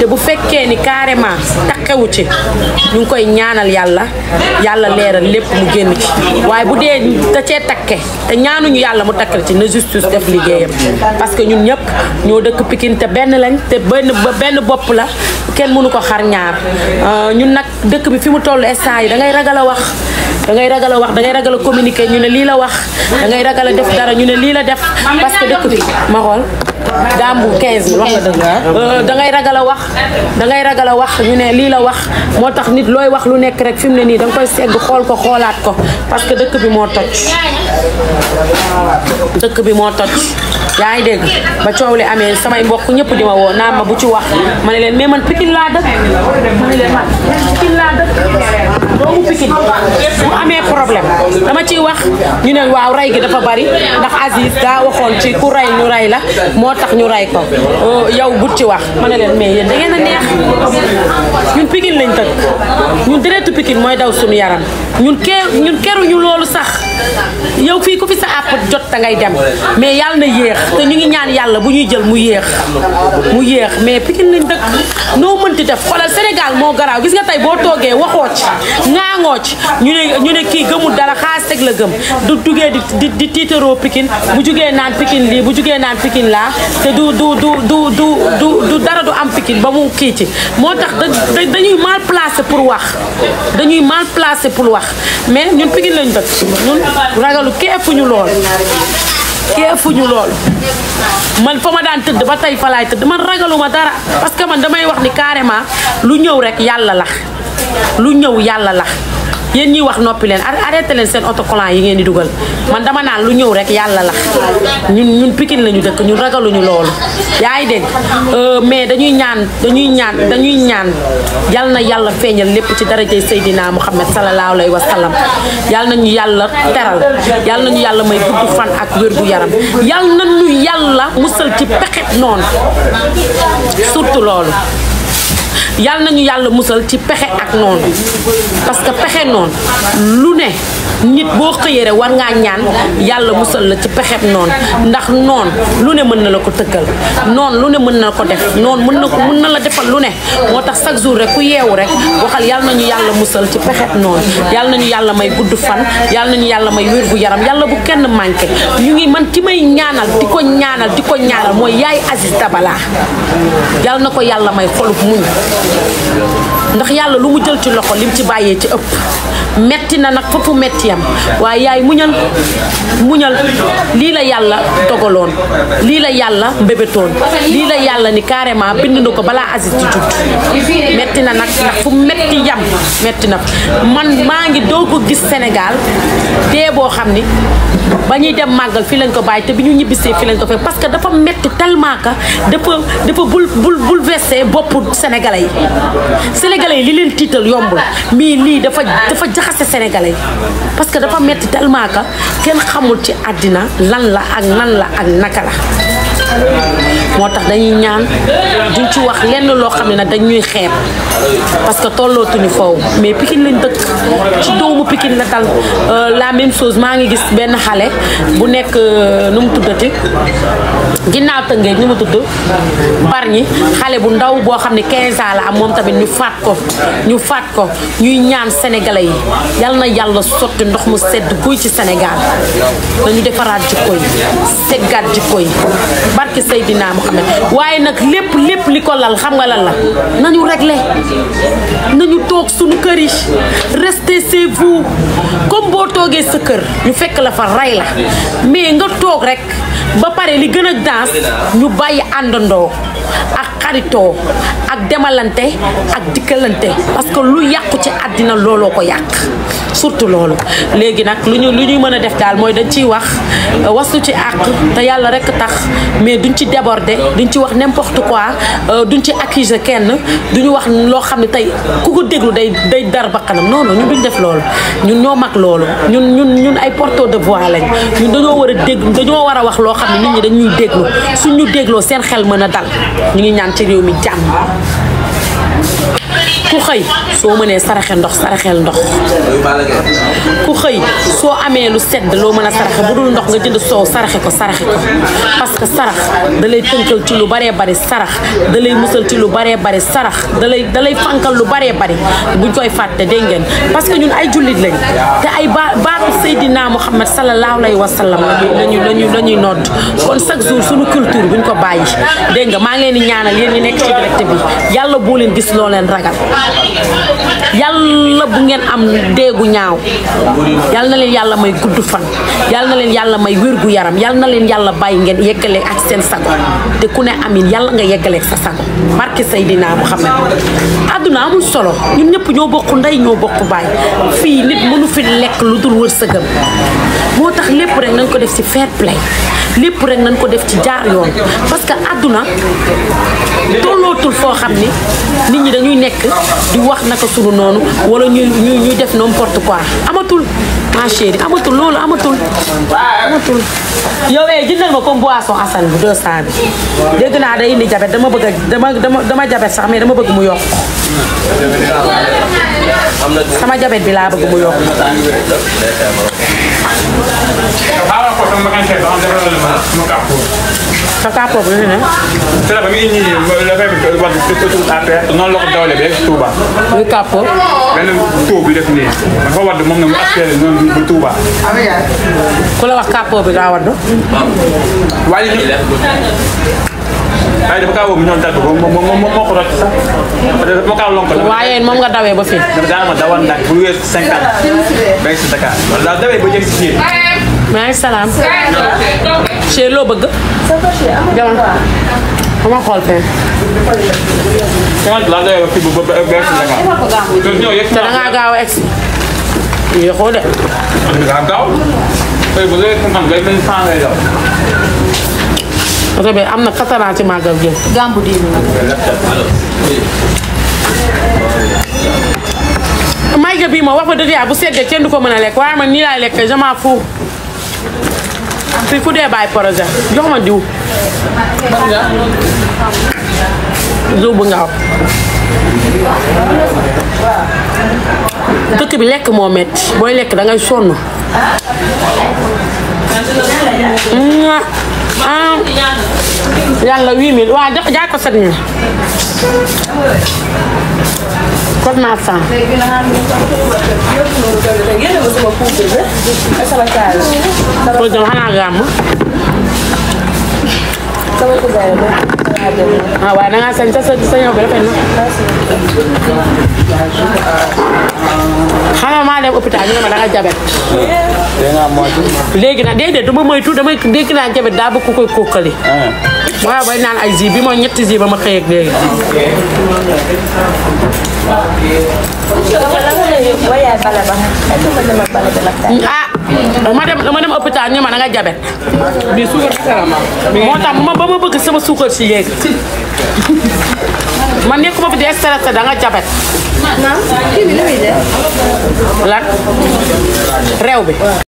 te bu fekkee ni carrément takkewu ci ñu ngi koy ñaanal yàlla yàlla leeral lépp mu génn ci waaye bu dee da cee takke te ñaanuñu yàlla mu takkal ci na justice def liggéeyam parce que ñun ñëpp ñoo dëkk Pikine te benn lañ te benn benn bopp la kenn mënu ko xar ñaar euh, ñun nag dëkk bi fi mu toll instant yi da ngay ragal a wax da ragal a wax da ngay ragal a communiquer ñu ne lii la wax dangay ragal a def dara ñu ne lii la def parce dëkk bi ma xool gàmbu 15000 wax nga dëgg ah. euh, da ngay ragal a wax da ngay ragal a wax ñu ne lii la wax moo tax nit looy wax lu nekk rek fi mu ne nii da nga koy segg xool ko xoolaat ko parce que dëkk bi moo toj dëkk bi moo toj yaa ngi dégg ba coow li amee samay mbokk ñëpp di ma woo naan ma bu ci wax ma ne leen mais man pikin laa dëkk ma ne bu amee problème dama ciy wax ñu ne waaw rey gi dafa bari ndax Aziz daa waxoon ci ku rey ñu rey la moo tax ñu rey ko oh, yow bu ci wax ma ne leen mais yéen da ngeen a neex ñun pikin lañ tëgg ñun deretu pikin mooy daw suñu yaram ñun kee ñun keruñu loolu sax yow fii ku fi sa àpp jot ta ngay dem mais yàlla na yéex te ñu ngi ñaan yàlla bu ñuy jël mu yéex mu yéex mais Pikine lañ dëkk noo mënti def xoolal Sénégal moo garaaw gis nga tey boo toogee waxoo ci ŋaangoo ci ñu ne ñu ne kii gëmul dara xaas teg la gëm du jugee di di tiitaroo pikin bu jugee naan Pikine lii bu jugee naan Pikine laa te du du du du du du dara du am Pikine ba mu kii ci moo tax dañuy mal placé pour wax dañuy mal placé pour wax mais ñun Pikine lañ dëkk ñun ragalu keefuñu lool keefuñu lool man fa ma daan tëdd ba tey fa laay tëdd man ragaluma dara parce que man damay wax ni carrément lu ñëw rek yàlla la lu ñëw yàlla la yéen ñuy wax noppi leen arrêté leen seen autocollant yi ngeen di dugal man dama naan lu ñëw rek yàlla la ñun ñun pikin lañu dëkk ñun ragaluñu loolu yaa ngi dégg euh, mais dañuy ñaan dañuy ñaan dañuy ñaan yal na yàlla feeñal lépp ci daraje Seydina Muhammad salallaahu alayhi wa sallam yal nañu yàlla teral yal nañu yàlla may gudd fan ak wér gu yaram yal nañu yàlla musal ci pexet noonu surtout loolu yàlla nañu yàlla musal ci pexe ak noonu parce que pexe noonu lu ne nit boo xëyee war ngaa ñaan yàlla musal la ci pexe noonu ndax noon lu ne mën na la ko tëggal noonu lu ne mën na ko def noonu mën na ko mën na la defal lu ne moo tax chaque jour rek ku yeewu rek waxal yàlla na ñu yàlla musal ci pexe noonu yàlla nañu yàlla may gudd fan yàlla nañu yàlla may wér gu yaram yàlla bu kenn manqué ñu ngi man ci may ñaanal di ko ñaanal di ko ñaanal mooy yaay Aziz Dabala yàlla na ko yàlla may xolub muñ ndax yàlla lu mu jël ci loxo lim ci bàyyee ci ëpp metti na nag foofu metti yam waaye yaay muñal muñal lii la yàlla dogaloon lii la yàlla mbébétoon lii la yàlla ni carrément bind na ko balaa Aziz di judd metti na nag ndax fu metti yam metti na man maa ngi doog ko gis senegaal dee xam ni ba ñuy dem màggal fi lañ ko bàyyi te bi ñu ñibbisee fi lañ ko fekk parce que dafa metti tellement que dafa dafa bul bul bouleversé boppu sénégalais yi sénégalais yi li leen tiital yombul mii lii dafa dafa jaxase sénégalais yi parce que dafa metti tellement kenn xamul ci àddina lan la ak lan la ak naka la moo tax dañuy ñaan duñ ci wax lenn loo xam ne nag dañ ñuy xeeb parce que tollootuñu foofu mais pikin lañ dëkk ci doomu Pikine la dal euh, la même chose maa ngi gis benn xale bu nekk euh, nu mu tuddati ginnaaw tëngee ñu mu tudd bari ñi xale bu ndaw boo xam ne 15 la am moom tamit ñu faat ko ñu faat ko ñuy ñaan sénégalais yi yal na yàlla sotti ndox mu sedd guy ci Sénégal nañu defaraat jikko yi seggaat jikko yi barki Seydina waaye nag lépp lépp li ko lal xam nga lan la nañu réglé nañu toog suñu kër yi restez chez vous comme boo toogee sa kër ñu fekk la fa rey la mais nga toog rek ba pare li gën a daas ñu bàyyi àndandoo ak xaritoo ak demalante ak dikkalante parce que lu yàqu ci àddina looloo ko yàq surtout loolu léegi nag lu ñu lu ñuy mën a def daal mooy dañ ciy wax wasu ci àq te yàlla rek tax mais duñ ci déborder duñ ci wax n'importe quoi euh, duñ ci accuser kenn duñu wax loo xam ne tey ku ko déglu day day dar bakkanam non non ñun duñ def loolu ñun ñoo mag loolu ñun ñun ñun ay porteur de voix lañ ñun dañoo war a déglu dañoo war a wax loo xam ne nit ñi dañuy déglu suñ ñu dégloo seen xel mën a dal ñu ngi ñaan ci réew mi jàmm ku xëy soo mënee saraxe ndox saraxeel ndox ku xëy soo amee lu sedd loo mën a saraxe bu dul ndox nga jënd soow saraxe ko saraxe ko parce que sarax da lay tënkal ci lu bare bari sarax da lay musal ci lu baree bari sarax da lay da lay lu baree bari buñ koy fàtte dégg ngeen parce que ñun ay jullit lañ te ay baa baatu Seydina Muhammad sallallahu alayhi wa sallam lañu lañu la ñuy nodd kon chaque jour suñu culture buñ ko bàyyi dégg nga maa ngi leen di ñaanal yéen ñi nekk ci direct bi yàlla boo leen gis loo leen ragal yàlla bu ngeen am déegu ñaaw yàlla na leen yàlla may gudd fan yàlla na leen yàlla may wér gu yaram yàlla na leen yàlla bàyyi ngeen yeggale ak seen sago te ku ne amin yàlla nga yeggale sa sago barke Seydina Muhammad àdduna amul solo ñun ñëpp ñoo bokk ndey ñoo bokk baay fii nit mënu fi lekk lu dul wërsëgam moo tax lépp rek nañ ko def ci fair play lépp rek nañ ko def ci jaar yoon parce àdduna tolloo nekkatul foo xam ni nit ñi dañuy nekk di wax naka sunu noonu wala ñuy ñuy ñuy def n'importe quoi amatul ma chérie amatul loolu amatul amatul yow eh jëndal ma comme boisson Assane bu 200 bi dégg naa day indi jabet dama bëgg a dama dama dama jabet sax mais dama bëgg mu yokk sama jabet bi laa bëgg mu yokk. sa kàppoo bi ne. te la ba muy indi dafay wax autoroute à péage noonu la ko dawalee ba yegg Touba. muy kàppoo. benn tóo bi def nii dafa wadd moom na mu accéléré noonu ba Touba. ku la wax kàppoo bi ngaa wadd. waaye dafa kaa woo ñoom dagg ba moom moo ko rocc kaa lonk la. waaye moom nga dawee ba fii. dafa bu weesu cinquante. ba si si fii. maa salaam. Cheikh loo bëgg. jamono xam nga xool fee. fii ba ba gaaw a egg si. rebe am na xasanaa ci màggal gi. gàmbu bii ma wax ba dëgg yàlla bu seddee kenn du ko mën a lekk waaye ma nii laay lekk je m'en fous fii dee bàyyi projet jox ma diw. diw bu ngaaw. dëkk bi lekk moo metti booy lekk dangay ngay sonn. ah yàlla 8000 xanaa maa dem hôpital ñu ma da nga jabet. léegi nag déedéet du ma moytu damay dégg naa jabet daa bëgg ku koy kókkali. waaw bay naan ay ji bi mooy ñetti ji ba ma xëy ak léegi. ah ma dem ma dem hôpital ñu ma jabet. bii suukar si moo tax ma ba ma bëgg sama suukar si yéeg. man nekkuma fi di stressé da nga jabet. lan. réew bi.